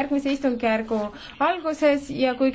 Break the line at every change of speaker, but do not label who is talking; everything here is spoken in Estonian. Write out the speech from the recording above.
järgmise istungjärgu alguses ja kui